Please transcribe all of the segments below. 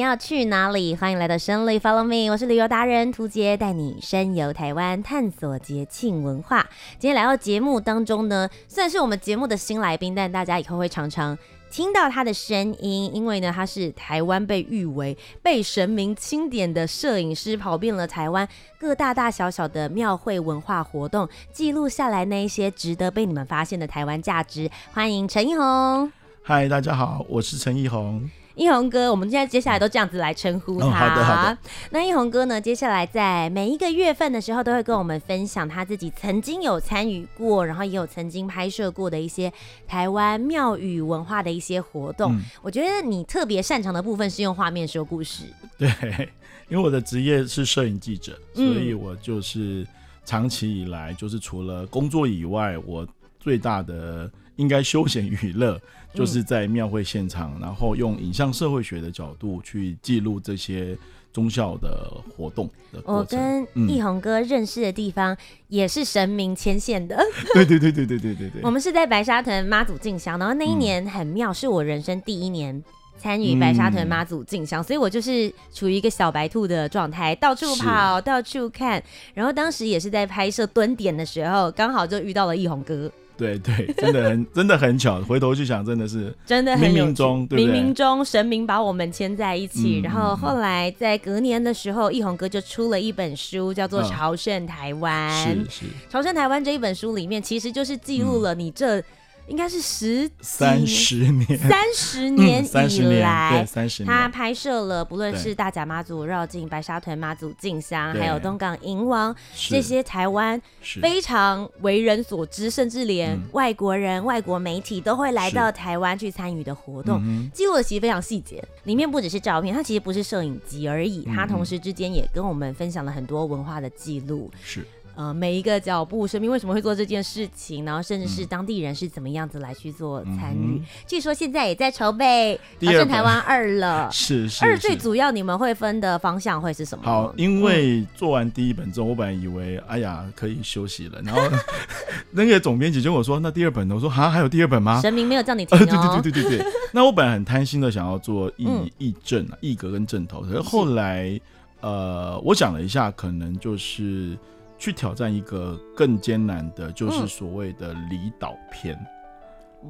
你要去哪裡？歡迎來到《深旅 Follow Me》，我是旅遊達人屠潔，帶你深遊台灣，探索節慶文化。今天來到節目當中呢，算是我們節目的新來賓，但大家以後會常常聽到他的聲音，因為呢，他是台灣被譽為被神明欽點的攝影師，跑遍了台灣各大大小小的廟會文化活動，記錄下來那一些值得被你們發現的台灣價值。歡迎陳逸宏。嗨，大家好，我是陳逸宏。逸宏哥，我們現在接下來都這樣子來稱呼他，嗯。好的，好的。那逸宏哥呢，接下來在每一個月份的時候，都會跟我們分享他自己曾經有參與過，然後也有曾經拍攝過的一些台灣廟宇文化的一些活動。嗯，我覺得你特別擅長的部分是用畫面說故事。對，因為我的職業是攝影記者，所以我就是長期以來就是除了工作以外，我最大的應該休閒娛樂。就是在廟會現場、嗯，然後用影像社會學的角度去記錄這些宗教的活動的過程。我跟逸宏哥認識的地方也是神明牽線，嗯嗯、線的。 對對對對對對對對。我們是在白沙屯媽祖進香，然後那一年很妙、嗯，是我人生第一年參與白沙屯媽祖進香、嗯，所以我就是處於一個小白兔的狀態，到處跑，到處看。然後當時也是在拍攝蹲點的時候，剛好就遇到了逸宏哥。對對，真的很， 真的很巧。回頭去想，真的是，真的冥冥中，對，冥冥中神明把我們牽在一起、嗯。然後後來在隔年的時候，逸、嗯、宏哥就出了一本書，叫做《朝聖台灣》。嗯、《朝聖台灣》這一本書裡面，其實就是記錄了你這。嗯應該是十三十年，三十年以來，嗯、三十年，對，三十年。他拍攝了不論是大甲媽祖繞境、白沙屯媽祖進香，還有東港迎王這些台灣非常為人所知，甚至連外國人、外國媒體都會來到台灣去參與的活動，記錄、嗯、的其實非常細節。裡面不只是照片，他其實不是攝影機而已，他同時之間也跟我們分享了很多文化的記錄。是。呃，每一個腳步，神明為什麼會做這件事情？然後，甚至是當地人是怎麼樣子來去做參與、嗯？據說現在也在籌備《朝聖台灣二》了。是是，是二最主要，你們會分的方向會是什麼？好，因為做完第一本之後，我本來以為，哎呀，可以休息了。然後， 那個總編輯就跟我說：“那第二本？”我說：“像、啊、還有第二本嗎？”神明沒有叫你停對、哦呃、對對對對對。 那我本來很貪心的想要做一、嗯、一啊，一格跟陣頭。可是後來是，呃，我想了一下，可能就是。去挑戰一個更艱難的，就是所謂的離島篇。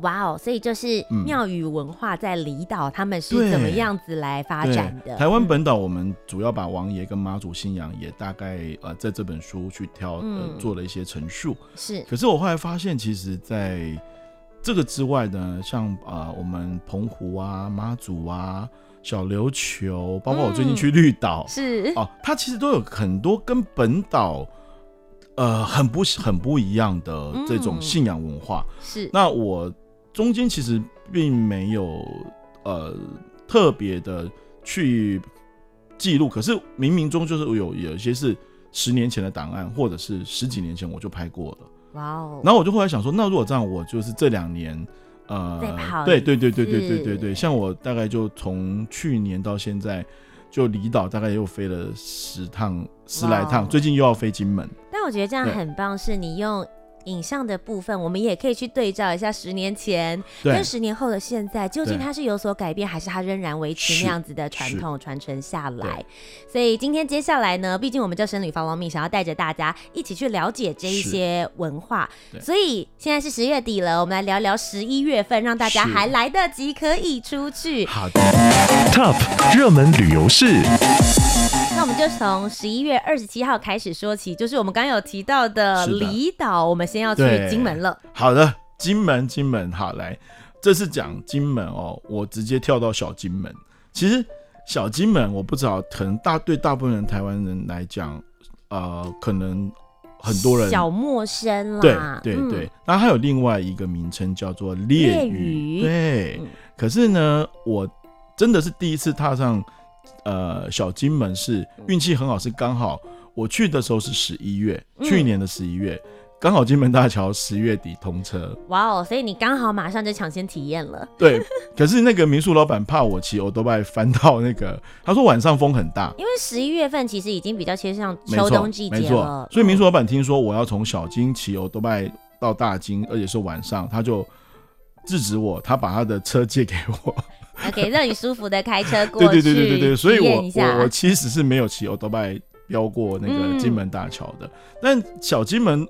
哇哦！所以就是廟宇文化在離島，他們是怎麼樣子來發展的？台灣本島，我們主要把王爺跟媽祖信仰也大概呃，在這本書去挑、呃、做了一些陳述。是，可是我後來發現，其實在這個之外呢，像啊、呃，我們澎湖啊、馬祖啊、小琉球，包括我最近去綠島，是哦，它其實都有很多跟本島。呃，很不很不一樣的這種信仰文化。嗯、是。那我中間其實並沒有呃特別的去記錄，可是冥冥中就是有有一些是十年前的檔案，或者是十幾年前我就拍過了。哇哦。然後我就後來想說，那如果這樣，我就是這兩年呃，對對對對對對對對，對，像我大概就從去年到現在，就離島大概又飛了十趟十來趟，哦，最近又要飛金門。我覺得這樣很棒，是你用影像的部分，我們也可以去對照一下十年前跟十年後的現在，究竟它是有所改變，還是它仍然維持那樣子的傳統傳承下來。所以今天接下來呢，畢竟我們叫深旅 Follow Me，想要帶着大家一起去了解這一些文化，所以現在是十月底了，我們來聊聊十一月份，讓大家還來得及可以出去。好的，Top 熱門旅遊是。那我們就從十一月二十七號開始說起，就是我們剛剛有提到的離島，我們先要去金門了。好的，金門，金門，好來，這次講金門哦，我直接跳到小金門。其實小金門我不知道，可能大對大部分人台灣人來講，呃，可能很多人小陌生啦。對對對，嗯、那還有另外一個名稱叫做烈嶼。對，可是呢，我真的是第一次踏上。呃，小金門是運氣很好，是剛好，我去的時候是十一月，嗯，去年的十一月，剛好金門大橋十月底通車。哇哦，所以你剛好馬上就搶先體驗了。對， 可是那個民宿老板怕我騎歐都拜翻到那個，他說晚上風很大，因為十一月份其實已經比較偏向秋冬季節了。沒錯，所以民宿老板聽說我要從小金騎歐都拜到大金，而且是晚上，他就制止我，他把他的車借給我。可 以，okay, 讓你舒服的開車過去。對對對對對對，所以我我，我其實是沒有騎歐都拜飆過那個金門大橋的，嗯。但小金門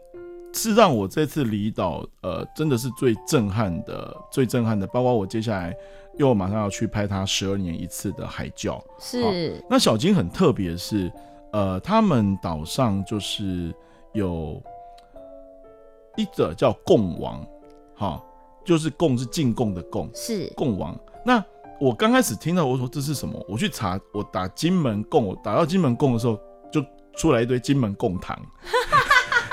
是讓我這次離島，呃，真的是最震撼的，最震撼的。包括我接下來又馬上要去拍它十二年一次的海教。是，哦。那小金很特別的是，呃，他們島上就是有一個叫貢王，哈，哦，就是貢是進貢的貢，是貢王。那我剛開始聽到我說，這是什麼，我去查，我打金門貢，我打到金門貢的時候，就出來一堆金門貢糖。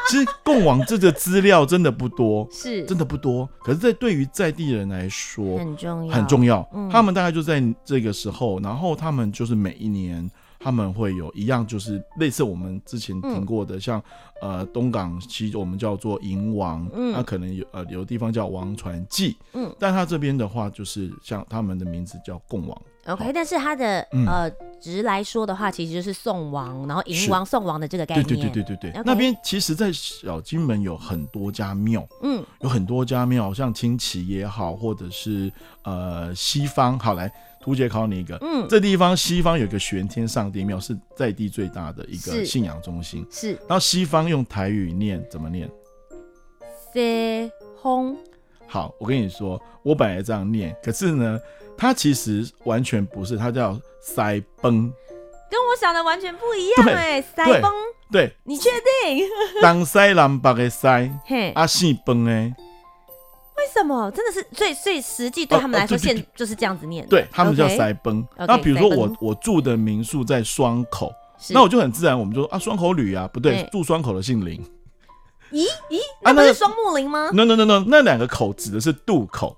其實貢王這個資料真的不多，是，真的不多。可是，在對於在地人來說，很重要，很重要，嗯。他們大概就在這個時候，然後他們就是每一年。他們會有一樣，就是類似我們之前聽過的，嗯、像呃東港其實我們叫做迎王，那、嗯啊、可能有呃有地方叫王船祭，嗯，但他這邊的話就是像他們的名字叫貢王，OK，但是他的、嗯、呃值來說的話，其實就是送王，然後迎王、送王的這個概念，對，對對對對對對。Okay, 那邊其實，在小金門有很多家廟，嗯，有很多家廟，像青岐也好，或者是呃西方，好來。屠潔考你一個，嗯，這地方西方有一個玄天上帝廟，是在地最大的一個信仰中心。是，是，然後西方用台語念怎麼念？西風。好，我跟你說，我本來這樣念，可是呢，它其實完全不是，它叫塞崩，跟我想的完全不一樣哎、欸。塞崩，對，你確定？ 當塞南北的塞，嘿、啊，阿四崩為什麼？真的是最最實際，對他們來說、啊啊，現就是這樣子念。對他們叫塞崩。Okay. 那比如說我 okay, 我住的民宿在雙口，那我就很自然，我們就說啊，雙口旅啊，不對，欸、住雙口的姓林。咦咦，那不是雙木林嗎？no no no no，那兩、個、個口指的是渡口。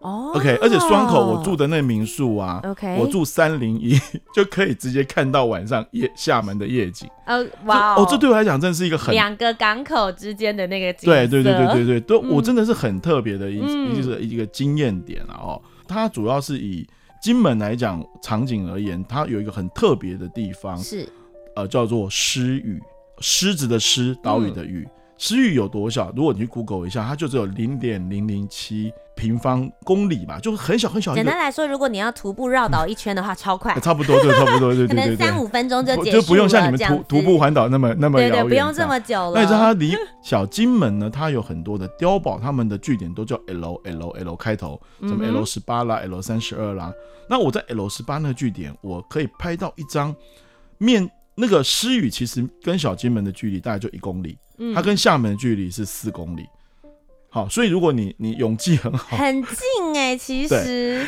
哦、oh,，OK，而且雙口我住的那民宿啊，OK，我住三零一就可以直接看到晚上夜廈門的夜景。呃，哇，哦，這對我來講真的是一個很兩個港口之間的那個對對對對對對，都、嗯、我真的是很特別的一、嗯、就是一個一個經驗點了、啊、哦。它主要是以金門來講，場景而言，它有一個很特別的地方是，呃，叫做獅嶼，獅子的獅，島嶼的嶼。嗯詩雨有多小？如果你去 Google 一下，它就只有零點零零七平方公里嘛，就很小很小。簡單來說，如果你要徒步繞島一圈的話， 超快、欸，差不多就差不多，對對對可能三五分鐘就結束了就不用像你們徒徒步環島那麼那麼。那麼對,對對，不用這麼久了。那你知道 它離小金門呢？它有很多的碉堡，他們的據點都叫 L L L, L 開頭，什麼 L 十八啦，L 三十二啦。那我在 L 十八那個據點，我可以拍到一張面那個詩雨，其實跟小金門的距離大概就一公里。它跟廈門的距離是四公里、嗯，好，所以如果你你泳技很好，很近哎、欸，其實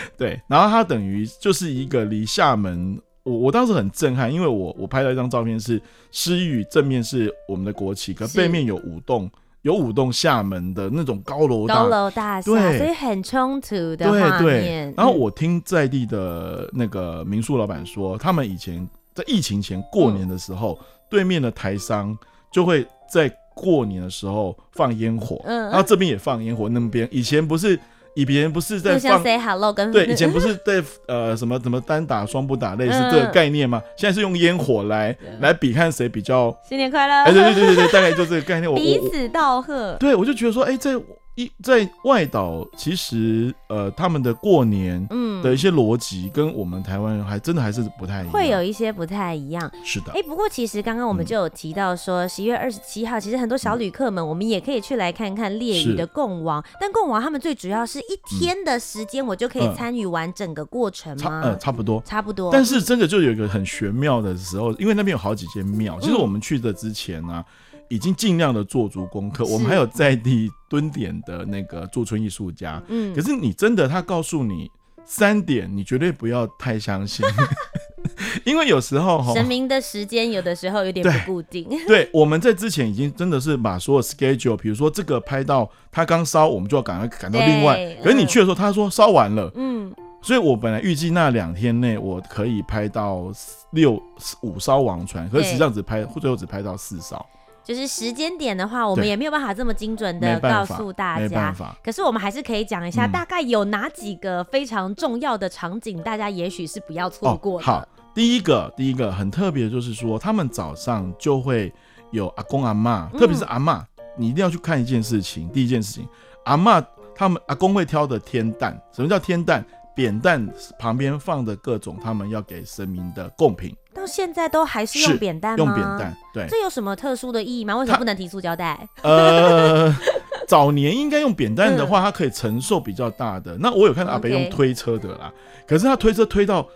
對，對，然後它等於就是一個離廈門，我我當時很震撼，因為我我拍了一張照片是，是獅嶼正面是我們的國旗，可背面有五棟有五棟廈門的那種高樓高樓大廈，所以很衝突的畫面。對對。然後我聽在地的那個民宿老闆說、嗯，他們以前在疫情前過年的時候，嗯、對面的台商就會在。過年的時候放煙火、嗯，然後這邊也放煙火，那邊以前不是，以前不是在放 say hello 跟對，以前不是在呃什麼什麼單打雙不打類似的概念嘛，嗯、現在是用煙火來來比看誰比較新年快樂，哎、欸、對對對對對， 大概就這個概念，我彼此道賀，對我就覺得說哎這。欸一在外島，其實呃，他們的過年的一些邏輯跟我們台灣還、嗯、真的還是不太一樣，會有一些不太一樣。是的，哎、欸，不過其實剛剛我們就有提到說，十一月、嗯、二十七號，其實很多小旅客們，我們也可以去來看看烈嶼的貢王。但貢王他們最主要是一天的時間，我就可以參與完整個過程嗎、嗯嗯？差不多，差不多。但是真的就有一個很玄妙的時候，嗯、因為那邊有好幾間廟、嗯。其實我們去的之前呢、啊。已經盡量的做足功課，我們還有在地蹲點的那個駐村藝術家。嗯，可是你真的他告訴你三點，你絕對不要太相信， 因為有時候神明的時間有的時候有點不固定。對。對，我們在之前已經真的是把所有 schedule，比如說這個拍到他剛燒，我們就要趕快趕到另外，嗯。可是你去的時候，他說燒完了。嗯，所以我本來預計那兩天內我可以拍到六五燒王船，可是實際上只拍，最後只拍到四燒。就是時間點的話，我們也沒有辦法這麼精準的告訴大家。沒辦法。可是我們還是可以講一下、嗯，大概有哪幾個非常重要的場景，嗯、大家也許是不要錯過的、哦。好。第一個，第一個很特別的就是說，他們早上就會有阿公阿媽，特別是阿媽、嗯，你一定要去看一件事情。第一件事情，阿媽他們阿公會挑的天蛋，什麼叫天蛋？扁擔旁邊放着各種他們要給神明的貢品，到現在都還是用扁擔嗎？用扁擔，對。這有什麼特殊的意義嗎？為什麼不能提塑膠袋？呃， 早年應該用扁擔的話，它、嗯、可以承受比較大的。那我有看到阿北用推車的啦，okay. 可是他推車推到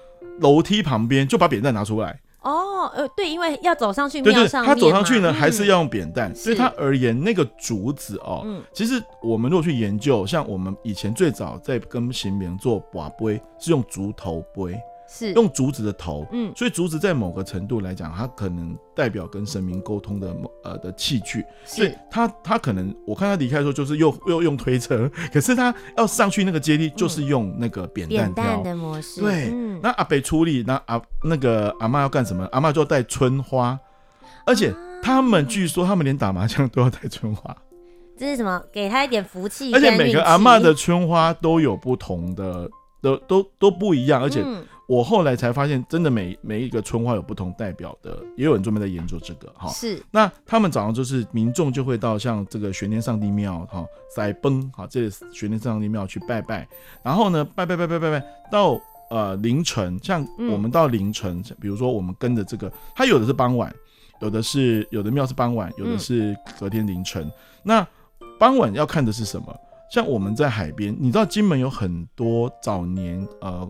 樓梯旁邊，就把扁擔拿出來。哦，呃，對，因為要走上去上，對，對對，他走上去呢，還是要用扁擔、嗯。對他而言，那個竹子哦、嗯，其實我們如果去研究，像我們以前最早在跟神明做跋杯，是用竹頭杯。是用竹子的頭，嗯，所以竹子在某個程度來講，它可能代表跟神明溝通的某呃的器具。是所以他他可能，我看他離開的時候，就是又又用推車，可是他要上去那個階梯，就是用那個扁擔的模式。對，那、嗯、阿北出力，那阿那個阿嬤要幹什麼？阿嬤就要帶春花，而且他們據說他們連打麻將都要帶春花，這是什麼？給他一點福氣。而且每個阿嬤的春花都有不同的，都都都不一樣，而且。嗯我後來才發現，真的每每一個春花有不同代表的，也有人專門在研究這個哈。是、哦，那他們早上就是民眾就會到像這個玄天上帝廟哈、哦，塞崩哈、哦、這玄天上帝廟去拜拜，然後呢拜拜拜拜拜拜到呃凌晨，像我們到凌晨，嗯、比如說我們跟着這個，它有的是傍晚，有的是有的廟是傍晚，有的是隔天凌晨、嗯。那傍晚要看的是什麼？像我們在海邊，你知道金門有很多早年呃。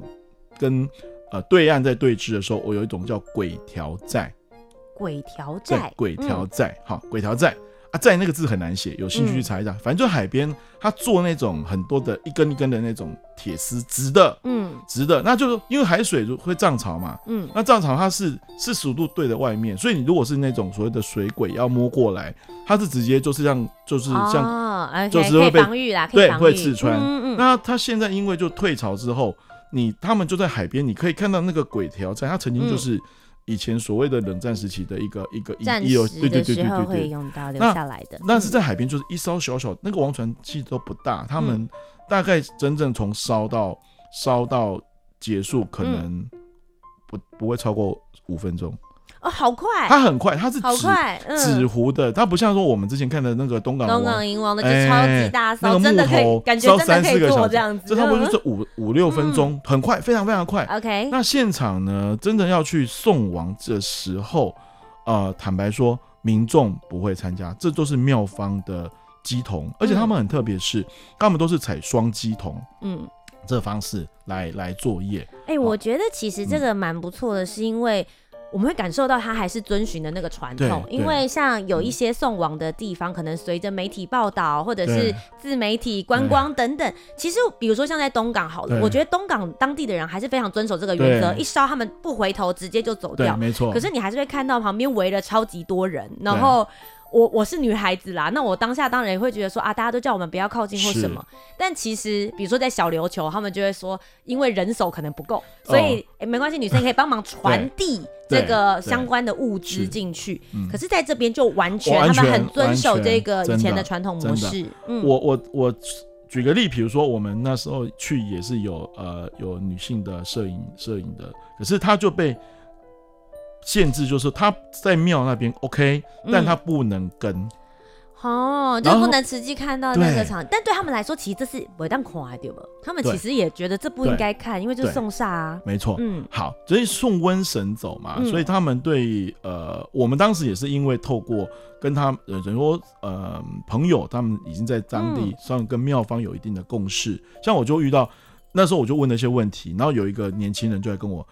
跟呃對岸在對峙的時候，我有一種叫鬼條寨。鬼條寨，鬼條寨，好、嗯，鬼條寨啊，寨那個字很難寫，有興趣去查一下。嗯、反正就海邊，他做那種很多的一根一根的那種鐵絲，直的，嗯，直的。那就是因為海水會漲潮嘛，嗯，那漲潮，潮它是四十五度對着外面，所以你如果是那種所謂的水鬼要摸過來，它是直接就是像就是像，哦、okay, 就是會被防禦啦，對，對會刺穿、嗯嗯。那它現在因為就退潮之後。你他們就在海邊，你可以看到那個軌條砦，他曾經就是以前所謂的冷戰時期的一個、嗯、一個一一哦，對對對對對對。那但是在海邊，就是一艘小，小小，那個王船其實都不大，他們大概真正從燒到燒、嗯、到結束，可能不、嗯、不，不會超過五分鐘。哦，好快！它很快，它是紙紙糊的，它不像說我們之前看的那個東港東港迎王的就、那個、超級大、欸，那個木頭燒三四個小時，這、嗯、差不多就是五五六分鐘、嗯，很快，非常非常快。OK，那現場呢，真的要去送王的時候，呃，坦白說，民眾不會參加，這都是廟方的乩童，而且他們很特別，是、嗯、他們都是採雙乩童，嗯，這方式來來作業。哎、欸哦，我覺得其實這個蠻不錯的，是因為。我們會感受到他還是遵循的那個傳統，因為像有一些送往的地方，嗯、可能隨着媒體報道或者是自媒體觀光等等。其實，比如說像在東港，好了，我覺得東港當地的人還是非常遵守這個原則，一燒他們不回頭，直接就走掉。沒錯。可是你還是會看到旁邊圍了超級多人，然後。我我是女孩子啦，那我當下當然也會覺得說，啊，大家都叫我們不要靠近或什麼。但其實，比如說在小琉球，他們就會說，因為人手可能不夠，哦，所以、欸、沒關係，女生也可以幫忙傳遞這個相關的物資進去，嗯。可是在這邊就完全，完全，他們很遵守這個以前的傳統模式。嗯、我我我舉個例，比如說我們那時候去也是有呃有女性的攝影攝影的，可是她就被。限制就是他在廟那邊 OK，嗯、但他不能跟哦，就是、不能實際看到那個場。但對他們來說，其實這是沒當看的對不？他們其實也覺得這不應該看，因為這是送煞啊，沒錯。嗯，好，所以送瘟神走嘛、嗯。所以他們對呃，我們當時也是因為透過跟他們人說呃朋友，他們已經在當地、嗯、算跟廟方有一定的共識。像我就遇到那時候，我就問了一些問題，然後有一個年輕人就來跟我。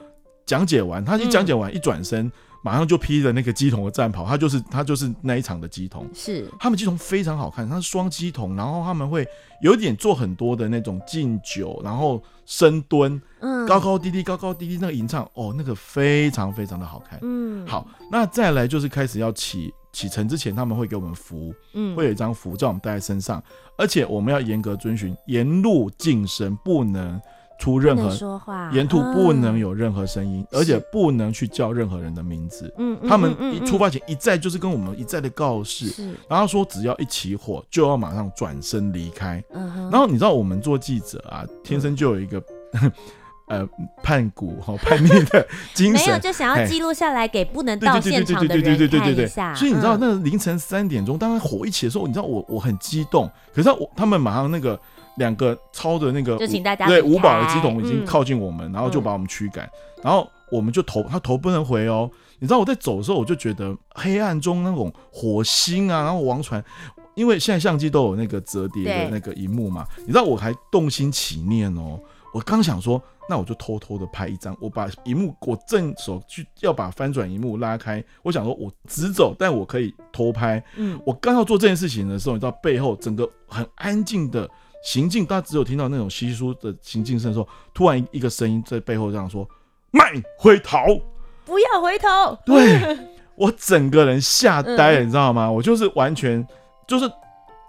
講解完，他一講解完，嗯、一轉身，馬上就披着那個乩童的戰袍，他就是他就是那一場的乩童。是，他們乩童非常好看，他是雙乩童，然後他們會有點做很多的那種敬酒，然後深蹲，嗯，高高低低，高高低低，那個吟唱，哦，那個非常非常的好看。嗯，好，那再來就是開始要起，起程之前，他們會給我們符，嗯，會有一張符照我們帶在身上，而且我們要嚴格遵循沿路敬神，不能。出任何說話，沿途不能有任何聲音、嗯，而且不能去叫任何人的名字。嗯，他們一出發前一再就是跟我們一再的告示，然後說只要一起火就要馬上轉身離開、嗯。然後你知道我們做記者啊，天生就有一個、嗯、呵呵呃叛骨和叛逆的精神， 沒有就想要記錄下來給不能到現場的人。對對對對對。看一下。所以你知道那凌晨三點鐘，當然火一起的時候，你知道我我很激動，可是我他們馬上那個。兩個抄的那個五就請大家對五寶的乩童已經靠近我們，嗯、然後就把我們驅趕、嗯，然後我們就頭他頭不能回哦。你知道我在走的時候，我就覺得黑暗中那種火星啊，然後王船，因為現在相機都有那個折疊的那個熒幕嘛，你知道我還動心起念哦。我剛想說，那我就偷偷的拍一張，我把熒幕我正手去要把翻轉熒幕拉開，我想說我直走，但我可以偷拍。嗯，我剛要做這件事情的時候，你知道背後整個很安靜的。行進，大家只有聽到那種稀疏的行進聲。的時候，嗯，突然一個聲音在背後這樣說：“慢，回頭，不要回頭。”對， 我整個人嚇呆了，你知道嗎？我就是完全就是，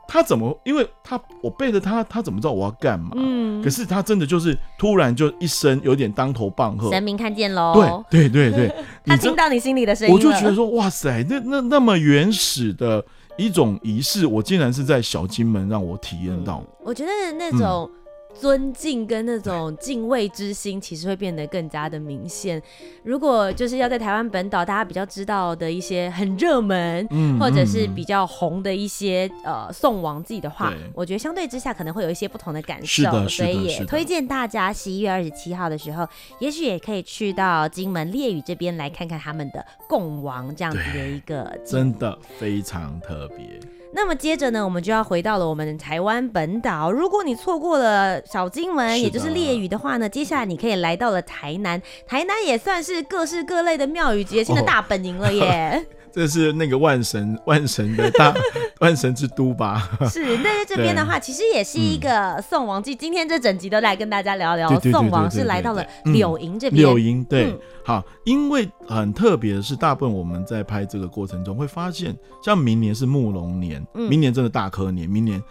他怎麼？因為他我背着他，他怎麼知道我要幹嘛？嗯，可是他真的就是突然就一聲，有點當頭棒喝。神明看見嘍。對對對對， 他聽到你心裡的聲音。我就覺得說，哇塞，那那那麼原始的。一種儀式，我竟然是在小金門讓我體驗到、嗯。嗯、我覺得那種、嗯。尊敬跟那種敬畏之心，其實會變得更加的明顯。如果就是要在台灣本島，大家比較知道的一些很熱門、嗯嗯，或者是比較紅的一些呃送王祭的話，我覺得相對之下可能會有一些不同的感受。所以也推薦大家十一月二十七號的時候，也許也可以去到金門烈嶼這邊來看看他們的貢王這樣子的一個，真的非常特別。那麼接着呢，我們就要回到了我們台灣本島。如果你錯過了小金門，也就是烈嶼的話呢，接下來你可以來到了台南。台南也算是各式各類的廟宇、節慶的大本營了耶。Oh. 這是那個萬神萬神的大 萬神之都吧？是，那這邊的話，其實也是一個送王祭。嗯、今天這整集都來跟大家聊一聊。對對對對，送王是來到了柳營這邊、嗯。柳營對、嗯，好，因為很特別的是，大部分我們在拍這個過程中會發現，像明年是木龍年、嗯，明年真的大科年，明年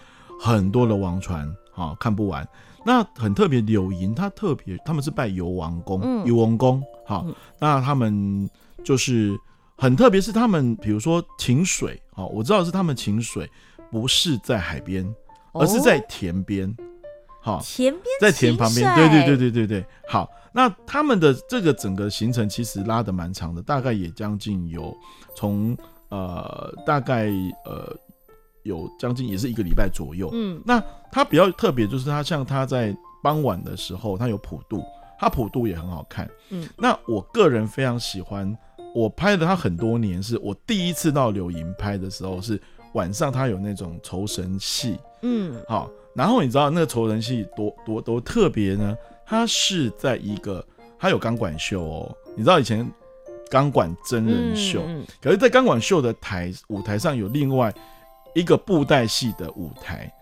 很多的王船好，看不完。那很特別，柳營他特別，他們是拜游王公，游、嗯、王公。好、嗯，那他們就是。很特別，是他們，比如說請水、哦，我知道是他們請水，不是在海邊、哦，而是在田邊、哦，在田旁邊，對對對對對對，好，那他們的這個整個行程其實拉得蠻長的，大概也將近有從呃大概呃有將近也是一個禮拜左右，嗯，那它比較特別就是它像它在傍晚的時候，它有普渡。他普度，也很好看，嗯，那我個人非常喜歡，我拍了他很多年是，是我第一次到柳營拍的時候是，是晚上他有那種酬神戲，嗯，好，然後你知道那個酬神戲多多多特別呢？他是在一個，他有鋼管秀哦，你知道以前鋼管真人秀，嗯嗯，可是在鋼管秀的台舞台上有另外一個布袋戲的舞台。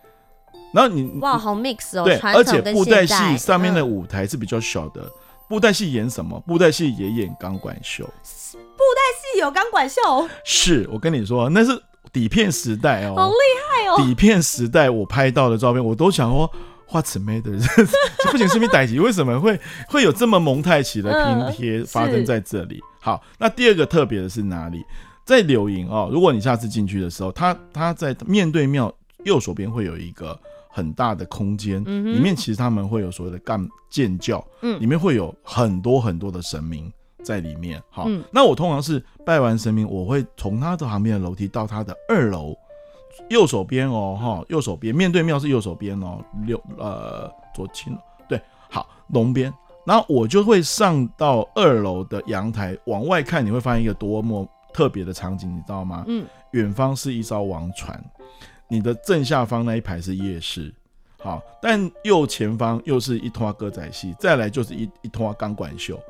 然後你哇，好 mix 哦！對，而且布袋戲上面的舞台是比較小的。布袋戲演什麼？布袋戲也演鋼管秀。布袋戲有鋼管秀？是，我跟你說，那是底片時代哦。好厲害哦！底片時代，我拍到的照片，我都想說，哇，姊妹的，這不僅是沒袋奇，為什麼會會有這麼蒙太奇的拼貼發生在這裡？好，那第二個特別的是哪裡？在柳營哦，如果你下次進去的時候，他他在面對廟右手邊會有一個。很大的空間、嗯，裡面其實他們會有所謂的干建教，嗯，裡面會有很多很多的神明在裡面。好，嗯、那我通常是拜完神明，我會從他的旁邊的樓梯到他的二樓，右手邊哦，哈，右手邊面對廟是右手邊哦，六呃左青龍對，好龍邊，然後我就會上到二樓的陽台往外看，你會發現一個多麼特別的場景，你知道嗎？嗯，遠方是一艘王船。你的正下方那一排是夜市，好，但右前方又是一托歌仔戲，再來就是一一托鋼管秀，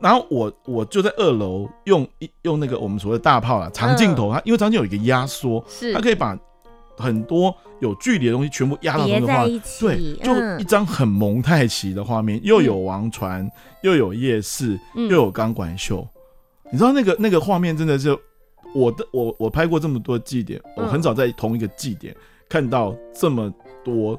然後我我就在二樓用一用那個我們所謂的大炮啦，長鏡頭啊、呃，因為長鏡頭有一個壓縮，它可以把很多有距離的東西全部壓到那個畫面、呃。對，就一張很蒙太奇的畫面，又有王船、嗯，又有夜市，嗯、又有鋼管秀，你知道那個那個畫面真的是。我的我我拍過這麼多祭典，嗯，我很少在同一個祭典，看到這麼多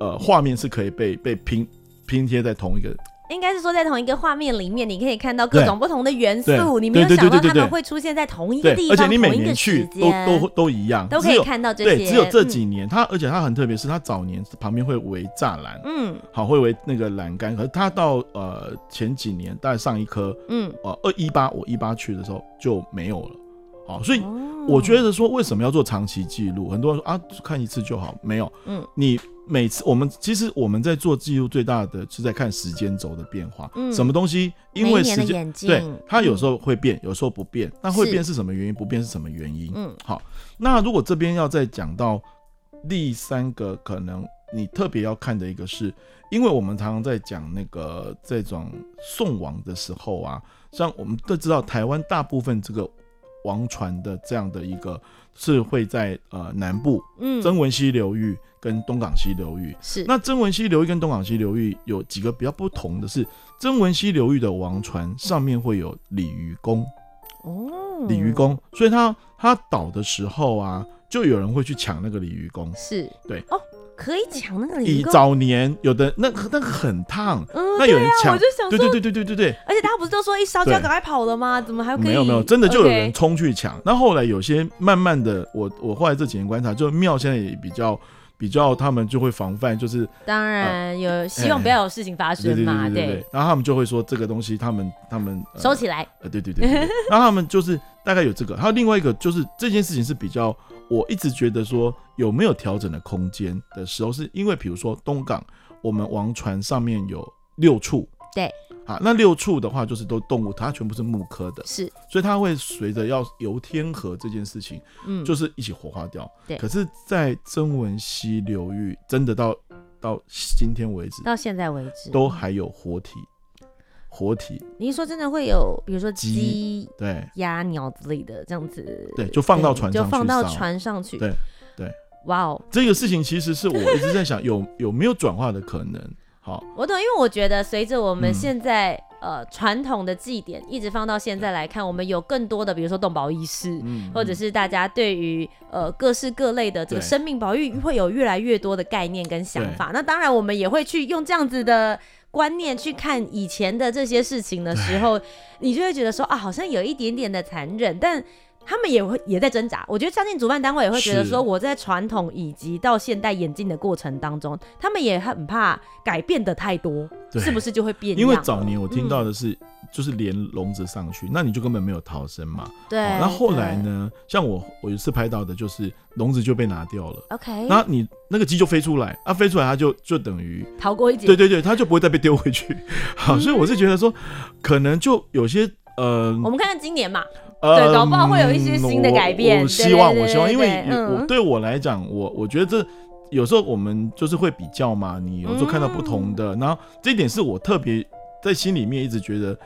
呃畫面是可以被被拼拼貼在同一個，應該是說在同一個畫面裡面，你可以看到各種不同的元素。對，你沒有想到它們會出現在同一個地方。對對對對對對，而且你每年去都都都，都一樣，都可以看到這些。對，只有這幾年，嗯、它，而且它很特別，是它早年旁邊會圍柵欄，嗯，好會圍那個欄杆，可是它到呃前幾年大概上一科，嗯，呃二一八我一八去的時候就沒有了。哦，所以我覺得說，為什麼要做長期記錄、哦？很多人說啊，看一次就好，沒有。嗯，你每次我們其實我們在做記錄，最大的是在看時間軸的變化。嗯，什麼東西因為時間對它有時候會變，嗯，有時候不變。那會變是什麼原因？不變是什麼原因？嗯，好。那如果這邊要再講到第三個，可能你特別要看的一個是，因為我們常常在講那個在這種送王的時候啊，像我們都知道台灣大部分這個。王船的這樣的一個是會在呃南部，嗯，曾文溪流域跟東港溪流域是。那曾文溪流域跟東港溪流域有幾個比較不同的是，曾文溪流域的王船上面會有鯉魚公，哦、嗯，鯉魚公，所以他他倒的時候啊，就有人會去搶那個鯉魚公，是，對。哦可以搶那個禮，早年有的那那個很燙，嗯，那有人搶，啊。我就想說，對對對對對對對。而且大家不是都說一燒就要趕快跑了嗎？怎麼還可以？沒有沒有，真的就有人衝去搶。Okay. 那後來有些慢慢的，我我後來這幾年觀察，就廟現在也比較。比較，他們就會防範，就是當然、呃、有希望不要有事情發生嘛，欸、對，對，對，對，對，對，對，對，對。然後他們就會說這個東西他，他們他們、呃、收起來，呃、對，對，對對對。 然後他們就是大概有這個，還有另外一個就是這件事情是比較，我一直覺得說有沒有調整的空間的時候，是因為比如說東港，我們王船上面有六處。對，啊，那六畜的話就是都動物，它全部是木刻的，是，所以它會隨着要遊天河這件事情，嗯，就是一起火化掉。對，可是，在曾文溪流域，真的到到今天為止，到現在為止，都還有活體，活體。你說真的會有，比如說雞、對，鴨鳥之類的這樣子，對，就放到船上去，就放到船上去，對，對，哇哦、wow，這個事情其實是我一直在想， 有有沒有轉化的可能？好我懂，因為我覺得隨着我們現在、嗯、呃傳統的祭典一直放到現在來看，我們有更多的比如說動保意識、嗯，或者是大家對於呃各式各類的這個生命保育會有越來越多的概念跟想法。那當然，我們也會去用這樣子的觀念去看以前的這些事情的時候，你就會覺得說啊，好像有一點點的殘忍，但。他們也會也在掙扎，我覺得相信主辦單位也會覺得說，我在傳統以及到現代演進的過程當中，他們也很怕改變的太多，是不是就會變？因為早年我聽到的是，嗯、就是連籠子上去，那你就根本沒有逃生嘛。對。那、喔、然後來呢？像我我有次拍到的就是籠子就被拿掉了。OK。那你那個雞就飛出來，它、啊、飛出來，它就就等於逃過一劫。對對對，它就不會再被丟回去。好、嗯，所以我是覺得說，可能就有些呃，我們看看今年嘛。呃、嗯，對，搞不好會有一些新的改變。我希望，我希望，對對對對，因為我，對，對，對，我對我來講，我我覺得這、嗯、有時候我們就是會比較嘛，你有時候看到不同的，嗯、然後這一點是我特別在心裡面一直覺得、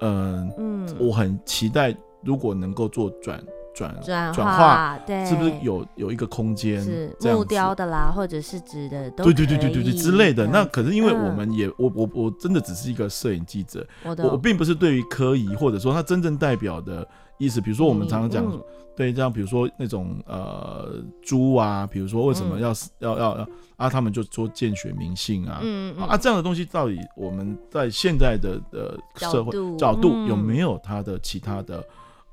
呃，嗯，我很期待如果能夠做轉轉轉化，對，是不是有有一個空間？是木雕的啦，或者是紙的對對對對對對之類的。嗯、那可是因為我們也我我我真的只是一個攝影記者我我，我並不是對於科儀或者說他真正代表的。意思，比如說我們常常講、嗯嗯，對，這樣比如說那種呃豬啊，比如說為什麼要、嗯、要要要啊，他們就說見血明信啊，嗯嗯、啊，這樣的東西到底我們在現在的的社會角度、角度有沒有它的其他的、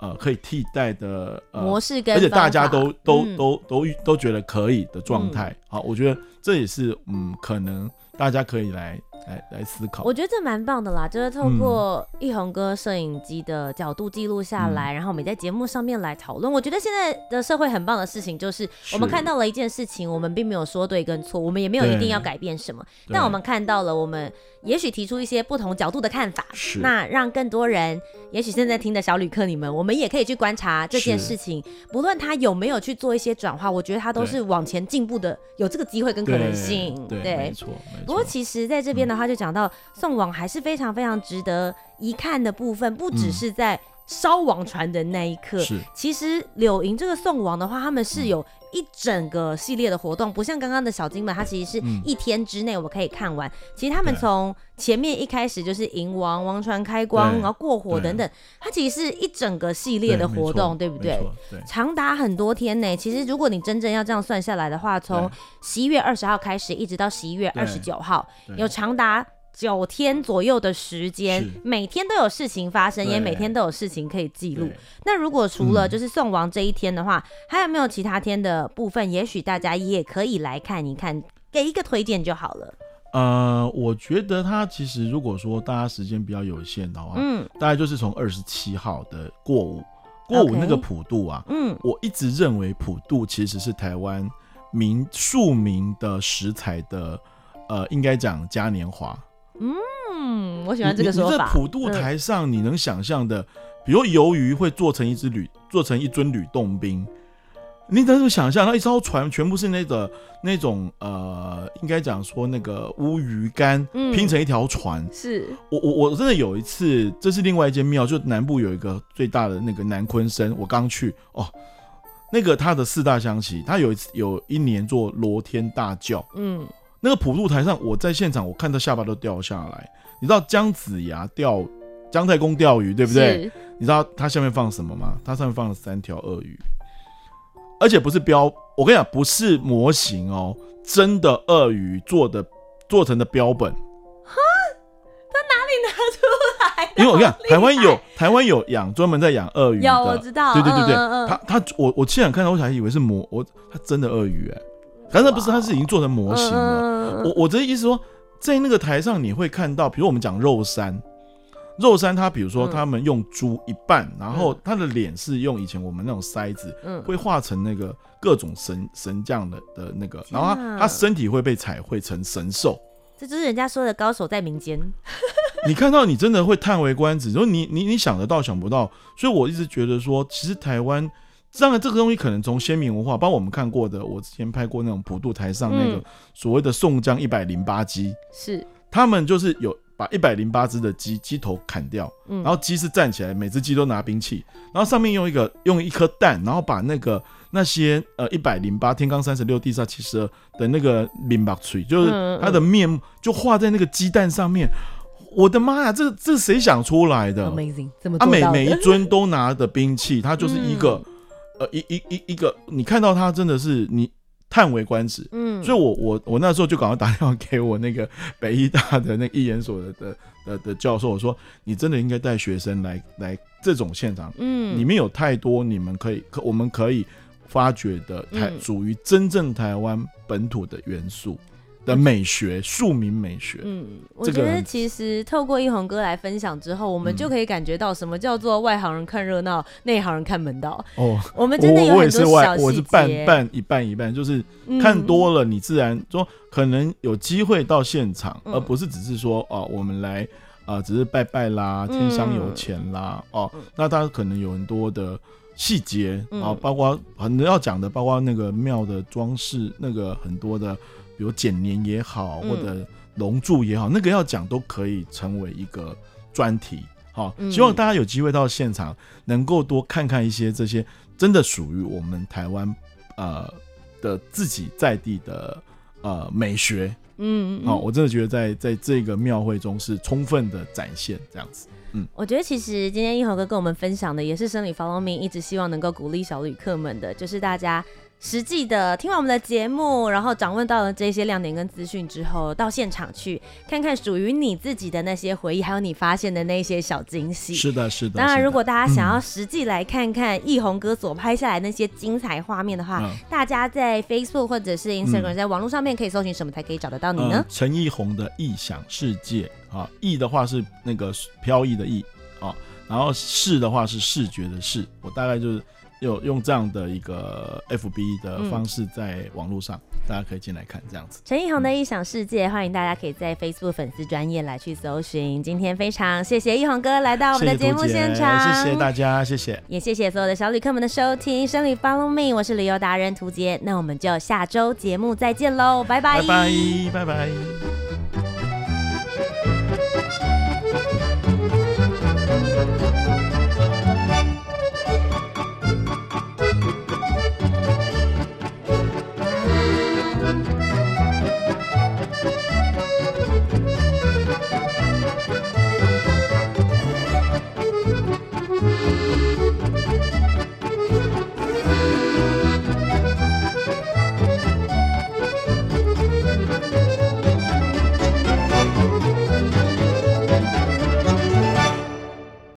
嗯、呃可以替代的、呃、模式跟，而且大家都都都都、嗯、都覺得可以的狀態、嗯，好，我覺得這也是嗯可能大家可以來。來來思考，我覺得這蠻棒的啦，就是透過逸宏哥攝影機的角度記錄下來，嗯，然後我們在節目上面來討論。我覺得現在的社會很棒的事情就是，我們看到了一件事情，我們並沒有說對跟錯，我們也沒有一定要改變什麼，但我們看到了，我們也許提出一些不同角度的看法，那讓更多人，也許現在聽的小旅客你們，我們也可以去觀察這件事情，不論他有沒有去做一些轉化，我覺得他都是往前進步的，有這個機會跟可能性。對，對對沒錯，不過其實在這邊的話，嗯他就講到送王還是非常非常值得一看的部分，不只是在、嗯。燒王船的那一刻，其實柳營這個送王的話，他們是有一整個系列的活動，嗯、不像剛剛的小金門，它其實是一天之內我們可以看完。其實他們從前面一開始就是迎王、王船開光，然後過火等等，它其實是一整個系列的活動，對,對不對？對長達很多天呢。其實如果你真正要這樣算下來的話，從十一月二十號開始，一直到十一月二十九號，有長達。九天左右的時間，每天都有事情發生，也每天都有事情可以記錄。那如果除了就是送王這一天的話，嗯、還有沒有其他天的部分？也許大家也可以來看一看，給一個推薦就好了。呃，我覺得他其實如果說大家時間比較有限的話，嗯，大概就是從二十七號的過午、嗯，過午那個普渡啊，嗯、okay，我一直認為普渡其實是台灣名庶民的食材的，呃，應該講嘉年華。嗯，我喜歡這個說法。你，你，你在普渡台上，你能想象的，嗯、比如魷魚會做成一只呂，做成一尊呂洞賓。你能夠想象？那一艘船全部是那個那種呃，應該講說那個烏魚乾拼成一條船。嗯、是我我我真的有一次，這是另外一間廟，就南部有一個最大的那個南鯤鯓，我剛去哦，那個他的四大香期，他有一次有一年做羅天大醮。嗯。那個普渡台上，我在現場，我看到下巴都掉下來。你知道姜子牙釣姜太公釣魚對不對？你知道他下面放什麼嗎？他上面放了三條鱷魚，而且不是標，我跟你講，不是模型哦、喔，真的鱷魚做的，做成的標本。哈，他哪裡拿出來？因為我跟你講，台灣有台灣有養，專門在養鱷魚。有，我知道。對對對對，對，他他我我親眼看到，我才還以為是模，我他真的鱷魚哎、欸。剛才不是，他是已經做成模型了，哦，嗯嗯嗯。我我的意思說，在那個台上你會看到，比如我們講肉山，肉山他比如說他們用豬一半，嗯、然後他的臉是用以前我們那種篩子，嗯嗯，會畫成那個各種神神將的的那個，然後他他，啊、身體會被彩繪成神獸。這就是人家說的高手在民間。 你看到你真的會嘆為觀止，你說你你你想得到想不到。所以我一直覺得說，其實台灣。當然，這個東西可能從先民文化，包括我們看過的，我之前拍過那種普渡台上那個、嗯、所謂的宋江一百零八雞，是他們就是有把一百零八只的雞雞頭砍掉，嗯、然後雞是站起來，每只雞都拿兵器，然後上面用一個用一顆蛋，然後把那個那些呃一百零八天罡三十六地煞七十二的那個零巴錘，就是它的面就畫在那個雞蛋上面。嗯嗯，我的媽呀、啊，這這是誰想出來的 Amazing，啊、每每一尊都拿的兵器， 它就是一個。嗯呃，一一一一,一個，你看到他真的是你嘆為觀止，嗯，所以我我我那時候就趕快打電話給我那個北藝大的那個藝研所的的的，的，的教授，我說你真的應該帶學生來來這種現場，嗯，裡面有太多你們可以可我們可以發掘的台屬於、嗯、真正台灣本土的元素。的美學，庶民美學。嗯，這個、我覺得其實透過逸宏哥來分享之後，我們就可以感覺到什麼叫做外行人看熱鬧，嗯、內行人看門道。哦，我們真的有很多小細節，我,我也是外,我是半半、欸、一半一半，就是看多了，你自然、嗯、說可能有機會到現場、嗯，而不是只是說哦、呃，我們來啊、呃，只是拜拜啦，天上有錢啦，嗯、哦，那他可能有很多的。細節啊，包括很多要講的，包括那個廟的裝飾，那個很多的，比如剪黏也好，嗯、或者龍柱也好，那個要講都可以成為一個專題。好、嗯，希望大家有機會到現場，能夠多看看一些這些真的屬於我們台灣呃的自己在地的呃美學。嗯，好、哦嗯，我真的覺得在在這個廟會中是充分的展現這樣子。嗯，我覺得其實今天逸宏哥跟我們分享的也是深旅 Follow Me，一直希望能夠鼓勵小旅客們的就是大家，實際的聽完我們的節目，然後掌握到了這些亮點跟資訊之後，到現場去看看屬於你自己的那些回憶，還有你發現的那些小驚喜。是的，是的。當然，如果大家想要實際來看看、嗯、逸宏哥所拍下來那些精彩畫面的話、嗯，大家在 Facebook 或者是 Instagram，、嗯、在網絡上面可以搜尋什麼才可以找得到你呢？陳逸宏的“逸想視界”啊，“逸”的話是那個飄逸的“逸”啊，然後“視”的話是視覺的“視”。我大概就是。有用這樣的一個 F B 的方式在網絡上，嗯、大家可以進來看這樣子。陳逸宏的逸想視界、嗯，歡迎大家可以在 Facebook 粉絲專頁來去搜尋。今天非常謝謝逸宏哥來到我們的節目現場。謝謝、欸，謝謝大家，謝謝，也謝謝所有的小旅客們的收聽。深旅 follow me，我是旅遊達人屠潔，那我們就下周節目再見嘍，拜拜，拜拜。